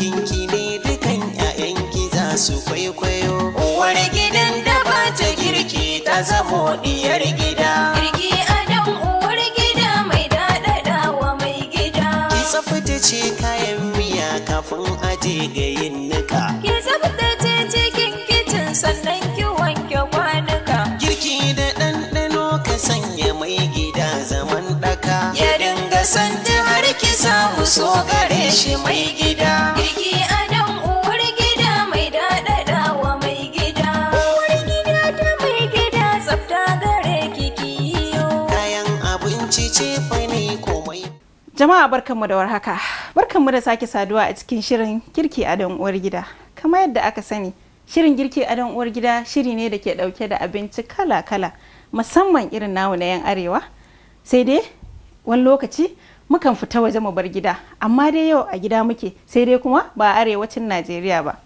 kinki ne dukan 'ya'yanki za su kwaikwayo uwar gidan da ba ta girki ta zamo diyar gida girki adam uwar gida mai daɗaɗa wa mai gida ki ce kayan miya kafin aje ga yin nika ki ce cikin kicin sannan Jama'a barkanmu da warhaka. Barkanmu da sake saduwa a cikin shirin kirki a don uwar gida. Kamar yadda aka sani, shirin girki a don uwar gida shiri ne da ke dauke da abinci kala-kala, musamman irin namu na 'yan arewa. Sai dai wani lokaci mukan fita waje mu bar gida, amma dai yau a gida muke, sai dai kuma ba arewacin Najeriya ba.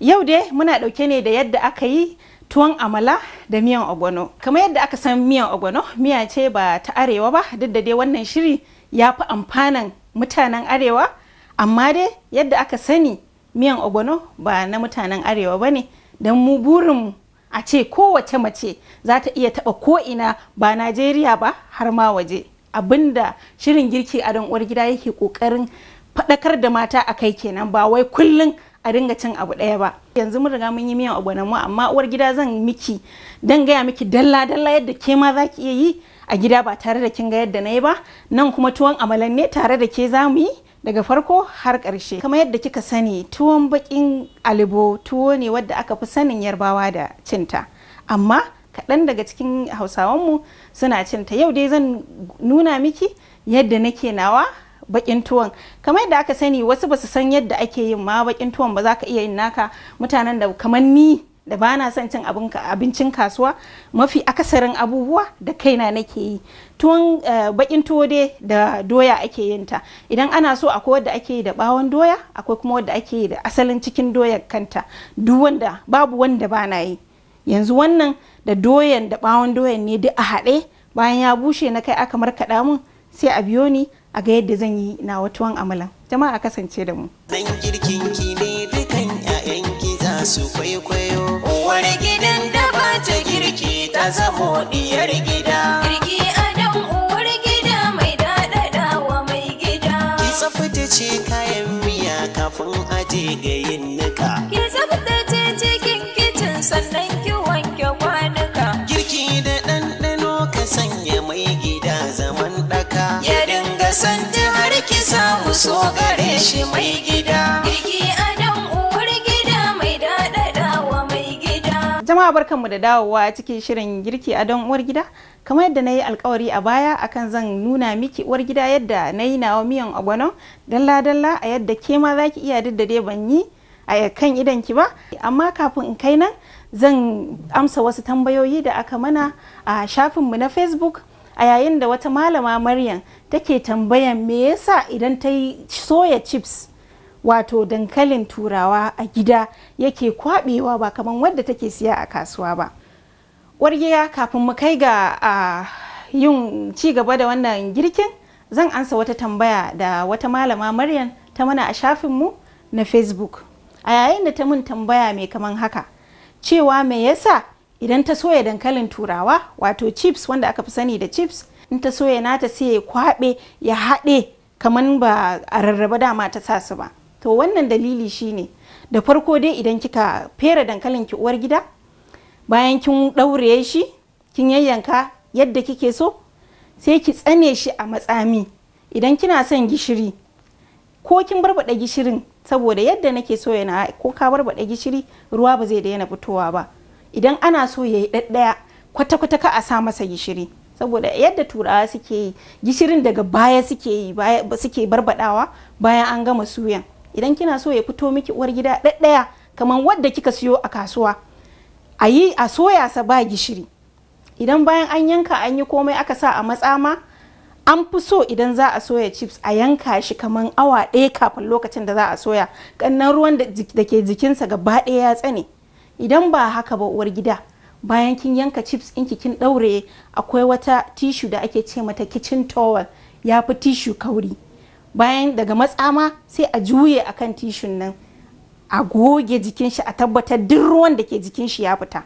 Yau dai muna dauke ne da yadda aka yi tuwon amala da miyan ogbono. Kamar yadda aka san miyan ogbono, miya ce ba ta arewa ba, duk da dai wannan shiri ya fi amfanan mutanen arewa amma dai yadda aka sani miyan ogbono ba na mutanen arewa ba ne don mu burin a ce kowace mace za ta iya taɓa ko'ina ba najeriya ba har ma waje abinda shirin girki a don uwargida gida yake kokarin faɗakar da mata a kai kenan ba wai kullum a dinga cin abu ɗaya ba yanzu mun riga mun yi miyan ogbono amma uwar gida zan miki dan gaya miki dalla dalla yadda ke ma za ki iya yi a gida ba tare da kin ga yadda na yi ba nan kuma tuwon amalan ne tare da ke za mu yi daga farko har ƙarshe kamar yadda kika sani tuwon bakin alibo tuwo ne wadda aka fi sanin yarbawa da cinta amma kaɗan daga cikin hausawanmu suna cinta yau dai zan nuna miki yadda nake nawa bakin tuwon kamar yadda aka sani wasu ba su san yadda ake yin ma bakin tuwon ba za ka iya yin naka mutanen da kamar ni da ba na son cin abincin kasuwa mafi akasarin abubuwa da kaina nake yi tuwon eh, bakin tuwo dai da doya ake yin ta idan ana so akwai wadda ake yi da bawon doya akwai kuma wadda ake yi da asalin cikin doyar kanta duk wanda babu wanda ba na yi yanzu wannan da doyan da bawon doyan ne duk a haɗe bayan ya bushe na kai aka markaɗa mun sai a biyo ni a ga yadda zan yi na tuwon amalan jama'a kasance da mu dan girkin ki ne dukan 'ya'yanki za su kwaikwayo uwar gidan da ba ta girki ta zamo diyar gida. Girki adam uwar gida mai daɗaɗawa mai gida. Ki tsaftace kayan miya kafin aje ga yin nika. Ki tsaftace cikin kicin sannan ki wanke kwanuka. Girki da ɗanɗano ka sanya mai gida zaman ɗaka. Ya dinga santi har ki samu so gare shi mai gida. Girki jama'a barkanmu da dawowa cikin shirin girki a don uwar gida kamar yadda na yi alkawari a baya akan zan nuna miki uwar gida yadda na yi nawa miyan agwanon dalla dalla a yadda ke ma za ki iya daddare ban yi a kan idan ki ba amma kafin in kai nan zan amsa wasu tambayoyi da aka mana a shafinmu na facebook a yayin da wata malama maryam take tambayan me yasa idan ta yi soya chips wato dankalin turawa a gida yake kwabewa ba kamar wadda take siya a kasuwa ba wargiya kafin mu kai ga yin ci gaba da wannan girkin zan ansa wata tambaya da wata malama maryam ta mana a shafinmu na facebook a yayin da ta mun tambaya mai kaman haka cewa me yasa idan ta soya dankalin turawa wato chips wanda aka fi sani da chips in ta soya nata sai ya kwabe ya haɗe kamar ba a rarraba dama ta sa su ba to wannan dalili shine da farko dai idan kika fera dankalin ki uwar gida bayan kin ɗaure shi kin yayyanka yadda kike so sai ki tsane shi a matsami idan kina son gishiri ko kin barbaɗa gishirin saboda yadda nake so yana ko ka barbaɗa gishiri ruwa ba zai daina fitowa ba idan ana so ya yi ɗaɗɗaya kwata-kwata ka a sa masa gishiri saboda yadda turawa suke yi gishirin daga baya suke yi suke barbaɗawa bayan an gama suyan idan kina so ya fito miki uwar gida ɗaya kamar wadda kika siyo a kasuwa a yi a soya sa ba gishiri idan bayan an yanka an yi komai aka sa a matsama an fi so idan za a soya chips a yanka shi kamar awa ɗaya kafin lokacin da za a soya ƙannan ruwan da ke jikinsa gaba ɗaya ya tsane idan ba haka ba uwar gida bayan kin yanka chips ɗinki kin ɗaure akwai wata tishu da ake ce mata kitchen towel ya fi tishu kauri bayan daga matsama sai a juye a kan tishin nan a goge jikin shi a tabbatar duk ruwan da ke jikin shi ya fita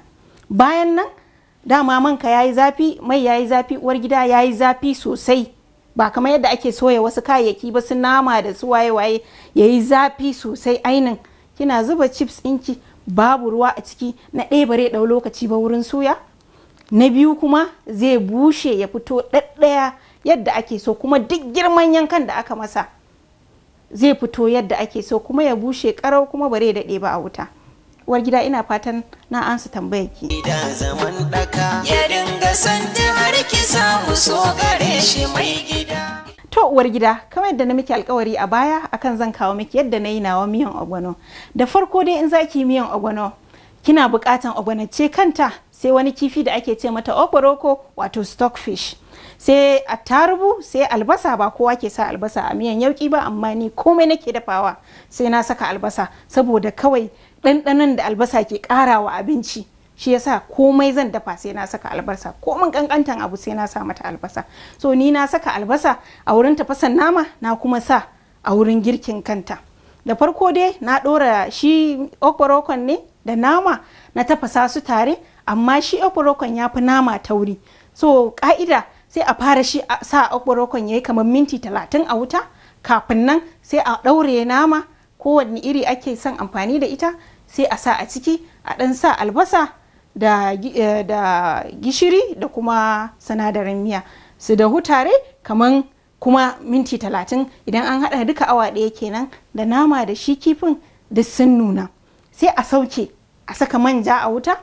bayan nan dama manka yi zafi mai ya yi zafi uwar gida yi zafi sosai ba kamar yadda ake soya wasu kayayyaki ba su nama da su waye waye ya yi zafi sosai ainin kina zuba chips ɗinki babu ruwa a ciki na ɗaya bare ɗau lokaci ba wurin suya na biyu kuma zai bushe ya fito ɗaɗɗaya yadda ake so kuma duk girman yankan da aka masa zai fito yadda ake so kuma ya bushe karau kuma bare daɗe ba a wuta uwar gida ina fatan na ansa tambayar ki to uwar gida kamar yadda na miki alkawari a baya akan zan kawo miki yadda na yi nawa miyan ogbono da farko dai in zaki miyan ogbono kina bukatan ogbono ce kanta sai wani kifi da ake ce mata okoroko wato stockfish sai attarugu sai albasa ba kowa ke sa albasa a miyan yauki ba amma ni komai nake dafawa sai na saka albasa saboda kawai ɗanɗanon da albasa ke ƙarawa abinci shi yasa komai zan dafa sai na saka albasa komin kankantan abu sai na sa mata albasa so ni na saka albasa a wurin tafasan nama na kuma sa a wurin girkin kanta da farko dai na ɗora shi okorokon ne da nama na tafasa su tare amma shi okporokon ya fi nama tauri so ka'ida sai a fara shi a sa okporokon ya yi kamar minti talatin a wuta kafin nan sai a ɗaure nama kowanne iri ake son amfani da ita sai a sa a ciki a ɗan sa albasa da, eh, da gishiri da kuma sinadarin miya su da hutare kamar kuma minti talatin idan an haɗa duka awa ɗaya kenan da nama da shi kifin duk sun nuna sai a sauke a saka manja a wuta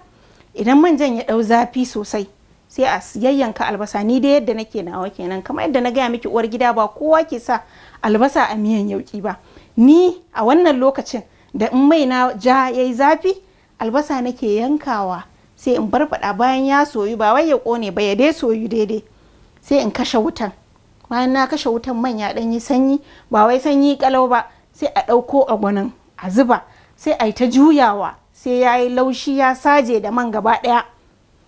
idan manjan ya ɗau zafi sosai sai a yayyanka albasa ni da yadda nake nawa kenan kamar yadda na gaya miki uwar gida ba kowa ke sa albasa a miyan yauki ba ni a wannan lokacin da in mai na ja yayi zafi albasa nake yankawa sai in faɗa bayan ya soyu ba wai ya kone ba ya dai soyu daidai sai in kashe wutan bayan na kashe wutan man ya ɗan yi sanyi ba wai sanyi kalau ba sai a ɗauko a gwanin a zuba sai a yi ta juyawa sai ya yi laushi ya saje da man gaba daya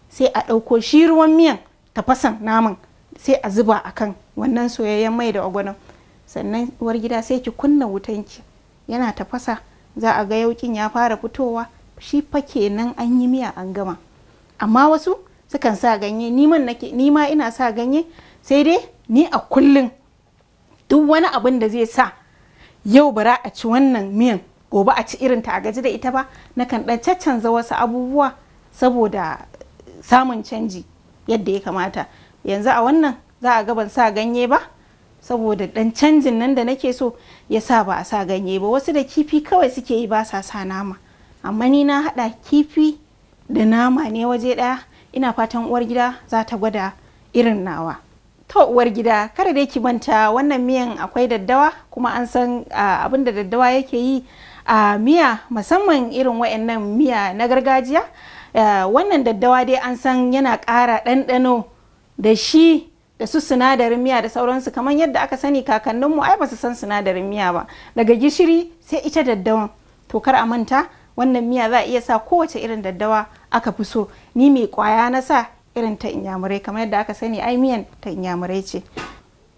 sai a ɗauko shi ruwan miyan tafasan naman sai a zuba a kan wannan soyayyen mai da agwanon sannan uwar gida sai ki kunna wutan ki yana tafasa za a ga yaukin ya fara fitowa shi fa kenan an yi miya an gama amma wasu sukan sa ganye ni ma ina sa ganye sai dai ni a kullun duk wani abin da zai sa yau bara a ci wannan miyan gobe a ci irin ta a gaji da ita ba nakan dan caccanza wasu abubuwa saboda samun canji yadda ya kamata yanzu a wannan za a gaban sa ganye ba saboda dan canjin nan da nake so ya sa ba a sa ganye ba wasu da kifi kawai suke yi ba sa sa nama amma ni na hada kifi da nama ne waje daya ina fatan uwar gida za ta gwada irin nawa ta uwar gida kada dai ki manta wannan miyan akwai daddawa kuma an san ah, abin da daddawa yake yi a miya musamman irin wa'annan miya na gargajiya wannan daddawa dai an san yana ƙara ɗanɗano da shi da su sinadarin miya da sauransu kamar yadda aka sani kakanninmu ai ba su san sinadarin miya ba daga gishiri sai ita daddawan to kar a manta wannan miya za a iya sa kowace irin daddawa aka fi so ni mai kwaya na sa irin ta inyamurai kamar yadda aka sani ai miyan ta inyamurai ce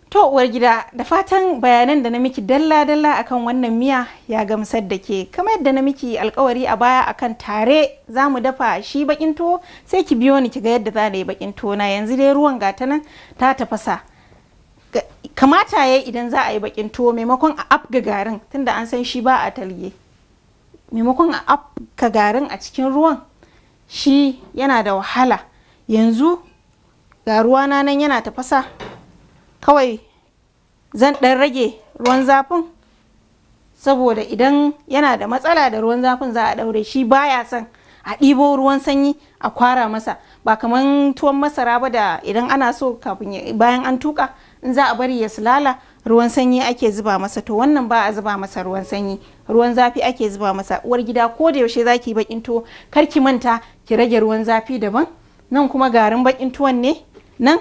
To uwar gida da fatan bayanan da na miki dalla-dalla akan wannan miya ya gamsar da ke kamar yadda na miki alkawari a baya akan tare za mu dafa shi bakin tuwo sai ki biyo ni ki ga yadda za na yi bakin tuwo na yanzu dai ruwan gata nan ta tafasa kamata ya idan za a yi bakin tuwo maimakon a afga garin tunda an san shi ba a talge maimakon a afka garin a cikin ruwan shi yana da wahala yanzu ga ruwana nan yana tafasa kawai zan ɗan rage ruwan zafin saboda idan yana da matsala da ruwan zafin za a ɗaure shi baya son a ɗibo ruwan sanyi a kwara masa ba kamar tuwon masara ba da idan ana so kafin bayan an tuka in za a bari ya sulala ruwan sanyi ake zuba masa to wannan ba a zuba masa ruwan sanyi ruwan zafi ake zuba masa uwar gida ko da yaushe za zaki bakin tuwo kar ki manta ki rage ruwan zafi daban nan kuma garin bakin tuwon ne nan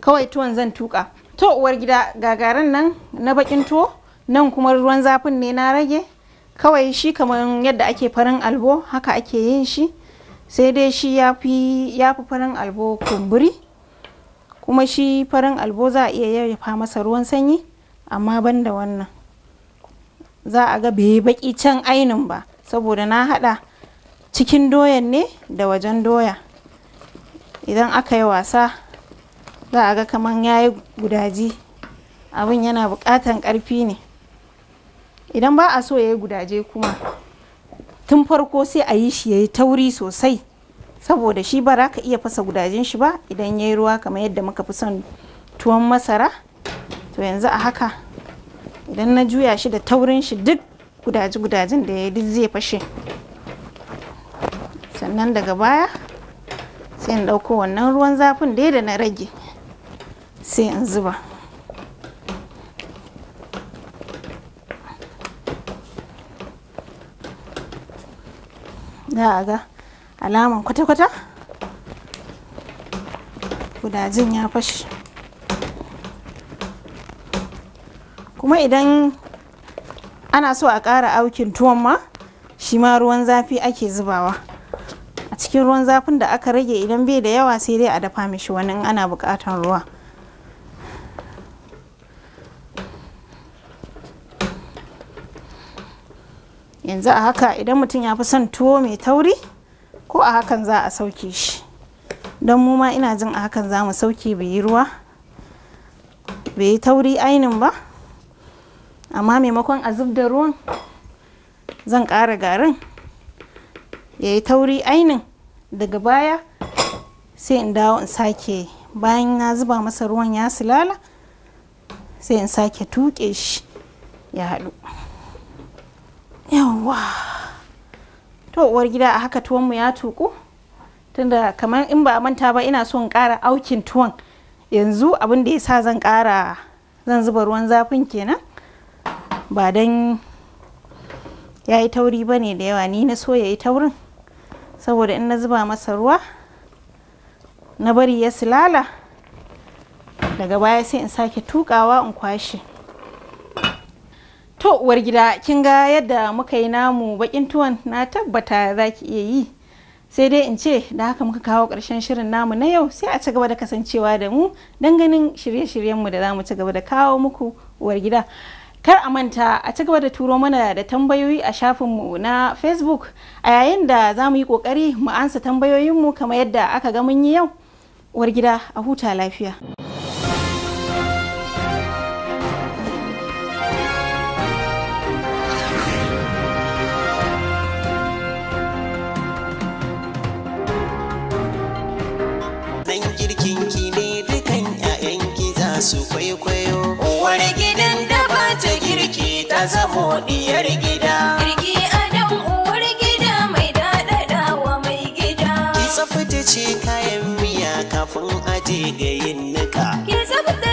kawai tuwon zan tuka to uwar gida gagarin nan na bakin tuwo nan kuma ruwan zafin ne na rage kawai shi kamar yadda ake farin albo haka ake yin shi sai dai shi ya fi farin albo kumburi kuma shi farin albo za a iya fa masa ruwan sanyi amma ban da wannan za a ga bai baki can ainin ba saboda na hada cikin doyan ne da wajen doya idan aka yi wasa za a ga kamar ya yi gudaji abin yana bukatan karfi ne idan ba a so ya yi gudaje kuma tun farko sai a yi shi ya yi tauri sosai saboda shi ba za ka iya fasa gudajen shi ba idan ya yi ruwa kamar yadda muka fi son tuwon masara to yanzu a haka idan na juya shi da taurin shi duk gudaji gudajen da ya yi duk zai fashe sannan daga baya sai in ɗauko wannan ruwan zafin da na rage sai in zuba za ga alaman kwata-kwata gudajin ya fashe kuma idan ana so a ƙara aukin tuwon ma shi ma ruwan zafi ake zubawa a cikin ruwan zafin da aka rage idan bai da yawa sai dai a dafa mishi wani in ana buƙatar ruwa yanzu a haka idan mutum ya fi son tuwo mai tauri ko a hakan za a sauke shi don mu ma ina jin a hakan za mu sauke bai yi ruwa bai yi tauri ainin ba amma maimakon a zub da ruwan zan ƙara garin ya yi tauri ainin daga baya sai in dawo in sake bayan na zuba masa ruwan ya silala sai in sake tuƙe shi ya haɗu yawwa to uwar gida a haka tuwonmu ya tuku tunda kamar in ba manta ba ina son ƙara aukin tuwon yanzu abin da ya sa zan ƙara zan zuba ruwan zafin kenan ba don ya yi tauri ba ne da yawa ni na so ya yi taurin saboda in na zuba masa ruwa na bari ya silala daga baya sai in sake tukawa in kwashe To uwar gida kin ga yadda muka yi namu bakin tuwon na tabbata za ki iya yi. Sai dai in ce da haka muka kawo ƙarshen shirin namu na yau sai a ci gaba da kasancewa da mu don ganin shirye-shiryenmu da za mu ci gaba da kawo muku uwar gida. Kar a manta a ci gaba da turo mana da tambayoyi a shafinmu na Facebook a yayin da za mu yi ƙoƙari mu ansa tambayoyinmu kamar yadda aka ga mun yi yau. Uwar gida a huta lafiya. diyar gida Riki adam uwar gida mai daɗaɗa wa mai gida Ki tsaftace kayan miya kafin aje ga yin nika Ki tsaftace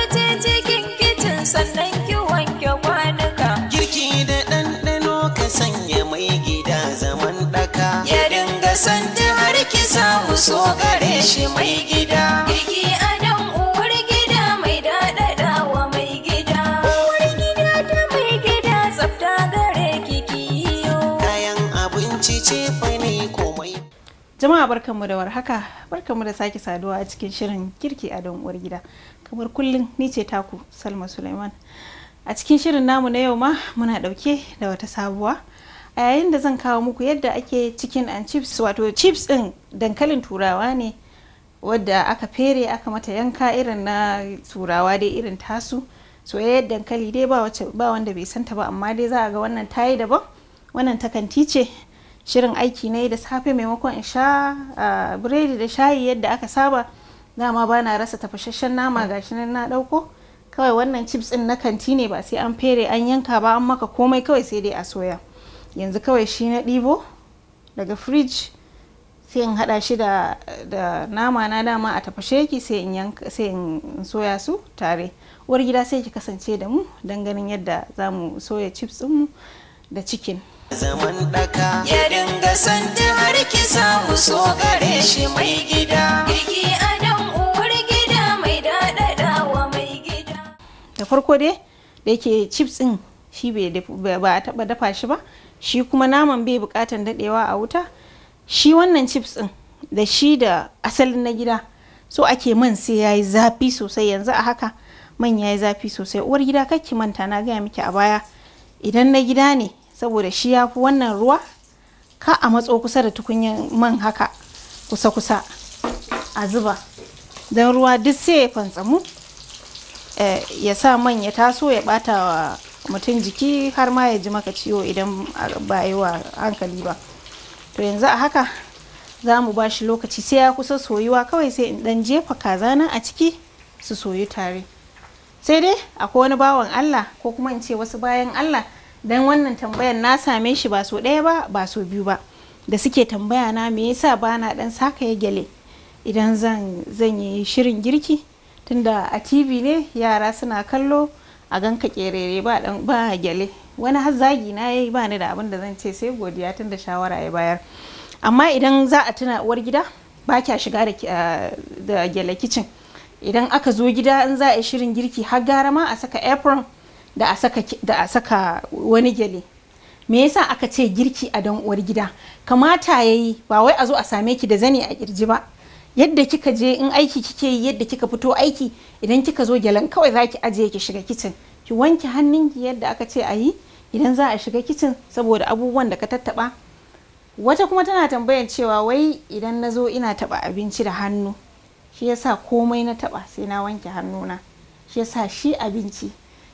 Jama'a barkanmu da warhaka, barkanmu da sake saduwa a cikin shirin kirki a don uwar gida. Kamar kullum ni ce taku Salma Suleiman. A cikin shirin namu na yau ma muna dauke da wata sabuwa. A yayin da zan kawo muku yadda ake cikin and chips wato chips din dankalin turawa ne wadda aka fere aka mata yanka irin na turawa dai irin tasu. soyayyar dankali dai ba wanda bai santa ba amma dai za a ga wannan ta yi daban wannan takanti ce shirin aiki na yi da safe maimakon in sha biredi da shayi yadda aka saba dama ba na rasa tafashashen nama gashi nan na dauko kawai wannan chips din na kanti ne ba sai an fere an yanka ba an maka komai kawai sai dai a soya yanzu kawai shi na ɗibo daga fridge sai in hada shi da, nama na dama a tafashe yake sai in soya su tare uwar gida sai ki kasance da mu don ganin yadda za mu soya chips mu da chicken zaman daka ya dinga santa har ki samu so gare shi mai gida biki adam uwar gida mai dadada wa mai gida da farko dai da yake chips din shi ba a taba dafa shi ba shi kuma naman bai bukatan dadewa a wuta shi wannan chips din da shi da asalin na gida so ake man sai yayi zafi sosai yanzu a haka man yayi zafi sosai uwar gida ki manta na gaya miki a baya idan na gida ne saboda shi ya fi wannan ruwa ka a matso kusa da tukunyan man haka kusa-kusa a zuba don ruwa duk sai ya fantsamu eh, ya sa man ya taso ya bata wa mutum jiki har ma ya ji maka ciwo idan ba yi wa hankali ba to yanzu a haka za mu ba shi lokaci sai ya kusa soyuwa kawai sai in dan jefa kaza kazana a ciki su soyu tare sai dai akwai wani bawan allah ko kuma in ce wasu bayan allah dan wannan tambayar na same shi ba so ɗaya ba ba so biyu ba da suke tambaya na me yasa ba na dan saka ya gyale idan zan yi shirin girki tunda a tv ne yara suna kallo a gan ka kerere ba dan ba gyale wani har zagi na yayi ba ni da abin da zan ce sai godiya tunda shawara ya bayar amma idan za a tuna uwar gida ba kya shiga da eh, gele kicin idan aka zo gida in za a yi shirin girki har gara ma a saka apron da a saka da a saka wani gyale me yasa aka ce girki a dan uwar gida kamata yayi ba wai a zo a same ki da zani a kirji ba yadda kika je in aiki kike yi yadda kika fito aiki idan kika zo gyalan kawai zaki ajiye ki shiga kicin ki wanke hannunki yadda aka ce a yi idan za a shiga kicin saboda abubuwan da ka tattaba wata kuma tana tambayar cewa wai idan na zo ina taba abinci da hannu shi yasa komai na taba sai na wanke hannuna shi yasa shi abinci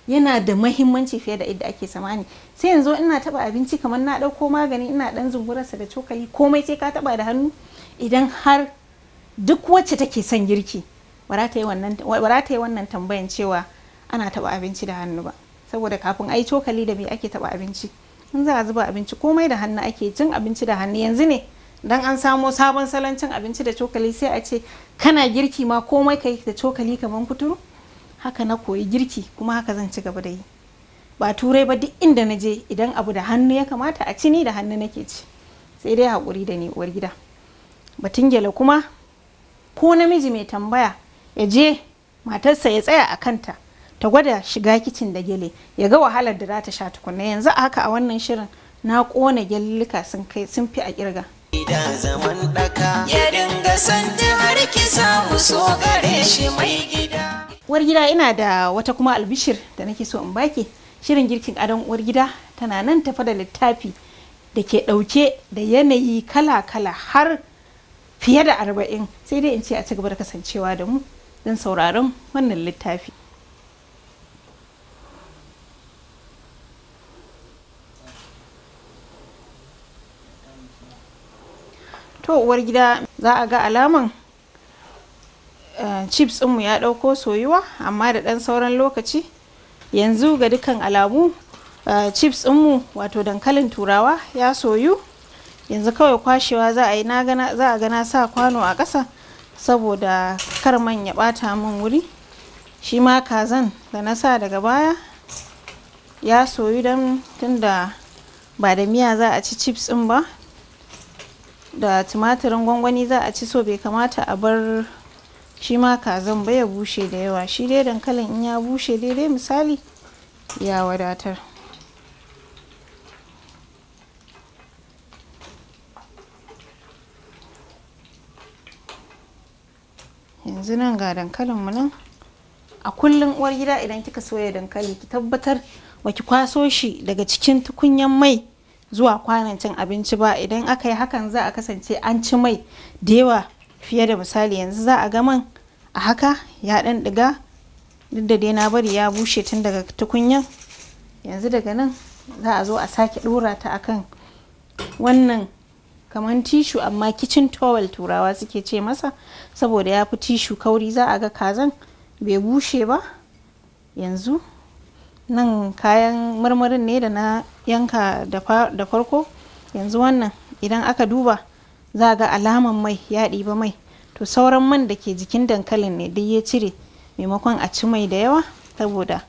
yana da mahimmanci fiye da idda ake samani sai yanzu ina taba abinci kamar na dauko magani ina dan zungurarsa da cokali komai sai ka taba da hannu idan har duk wacce take son girki ba ta yi wannan tambayan cewa ana taba abinci da hannu ba saboda kafin ai cokali da me ake taba abinci in za a zuba abinci komai da hannu ake cin abinci da hannu yanzu ne dan an samo sabon salon cin abinci da cokali sai a ce kana girki ma komai kai da cokali kamar kuturu haka na koyi girki kuma haka zan ci gaba da yi ba turai ba duk inda na je idan abu da hannu ya kamata a ci ni da hannu nake ci sai dai hakuri da ni uwar gida batun gyale kuma ko namiji mai tambaya ya je matarsa ya tsaya a kanta ta gwada shiga kicin da gele ya ga wahalar da za ta sha tukunna yanzu a haka a wannan shirin na kona gyallika sun kai sun fi a kirga zaman ya dinga har ki samu so shi mai gida uwar gida ina da wata kuma albishir da nake so in baki shirin girkin adon uwar gida tana nan tafa da littafi da ke ɗauke da yanayi kala-kala har fiye da arba'in sai dai in ce a ci gaba da kasancewa da mu don sauraron wannan littafi to uwar gida za a ga alaman Eh, chips ɗinmu ya ɗauko soyuwa amma da ɗan sauran lokaci yanzu ga dukkan alamu eh, chips ɗinmu wato dankalin turawa ya soyu yanzu kawai kwashewa za a yi za a gana sa kwano a ƙasa saboda kar man ya ɓata min wuri shi ma kazan da na sa daga baya ya soyu don tunda ba da miya za a ci chips ɗin ba da tumatirin gwangwani za a ci so bai kamata a bar shi ma kazan baya bushe da yawa shi dai dankalin in ya bushe daidai misali ya wadatar yanzu nan ga dankalin mu nan a kullum uwar gida idan kika soya dankali ki tabbatar ba ki kwaso shi daga cikin tukunyan mai zuwa kwanan cin abinci ba idan aka yi hakan za a kasance an ci mai da yawa fiye da misali yanzu za a ga man a haka ya ɗanɗiga diga duk da dai na bari ya bushe tun daga tukunyan yanzu daga nan za a zo a sake ɗura ta akan wannan kamar tishu amma kicin towel turawa suke ce masa saboda ya fi tishu kauri za a ga kazan bai bushe ba yanzu nan kayan marmarin ne da na yanka da farko yanzu wannan idan aka duba za ga alaman mai ya ɗiba mai to sauran man da ke jikin dankalin ne duk ya cire maimakon a ci mai da yawa saboda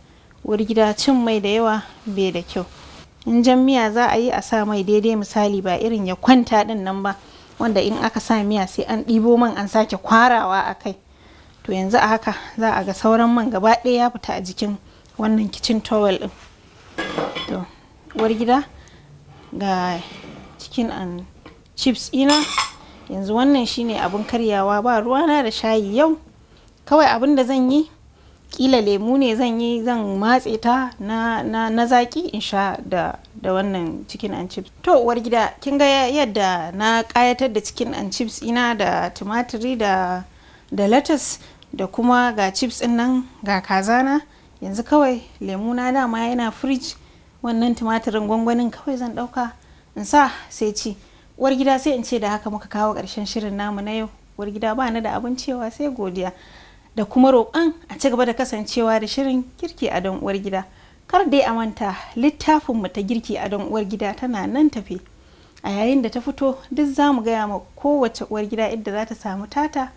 wargida cin mai da yawa bai da kyau in jan miya za a yi a sa mai daidai misali ba irin ya kwanta din nan ba wanda in aka sa miya sai an ɗibo man an sake kwarawa a kai to yanzu a haka za a ga sauran man gaba ɗaya ya fita a jikin wannan kicin towel ɗin to ga cikin an chips ina yanzu wannan shine abin karyawa ba ruwana da shayi yau kawai abin da zan yi kila lemu ne zan yi zan matse ta na, na, na zaki in sha da, da wannan chicken and chips to uwar gida kin ga yadda na kayatar da chicken and chips ina da tumatiri da da lettuce da kuma ga chips din nan ga kazana yanzu kawai lemu na dama yana fridge wannan tumatirin gwangwanin kawai zan dauka in sa sai ci uwar gida sai in ce da haka muka kawo ƙarshen shirin namu na yau uwar gida ba na da abin cewa sai godiya da kuma roƙon a ci gaba da kasancewa da shirin kirki a don uwar gida kar dai a manta littafin mu ta girki a don uwar gida tana nan tafe a yayin da ta fito duk za mu gaya ma kowace uwar gida inda za ta samu tata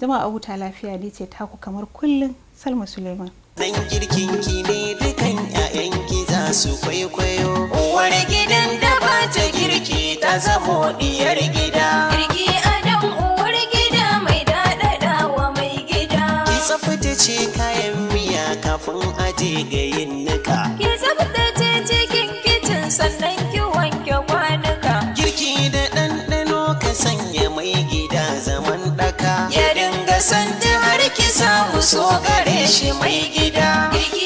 jama'a huta lafiya ne ce taku kamar kullum salma suleiman zan girkin ki ne dukan ki za su kwaikwayo uwar gidan da ba ta girki ta zamo diyar gida. Riki adam uwar gida mai daɗaɗa wa mai gida. Ki tsaftace kayan miya kafin aje ga yin nika. Ki tsaftace cikin kicin sannan ki wanke kwanuka. Girki da ɗanɗano ka sanya mai gida zaman ɗaka. Ya dinga santa har ki samu so gare shi mai gida.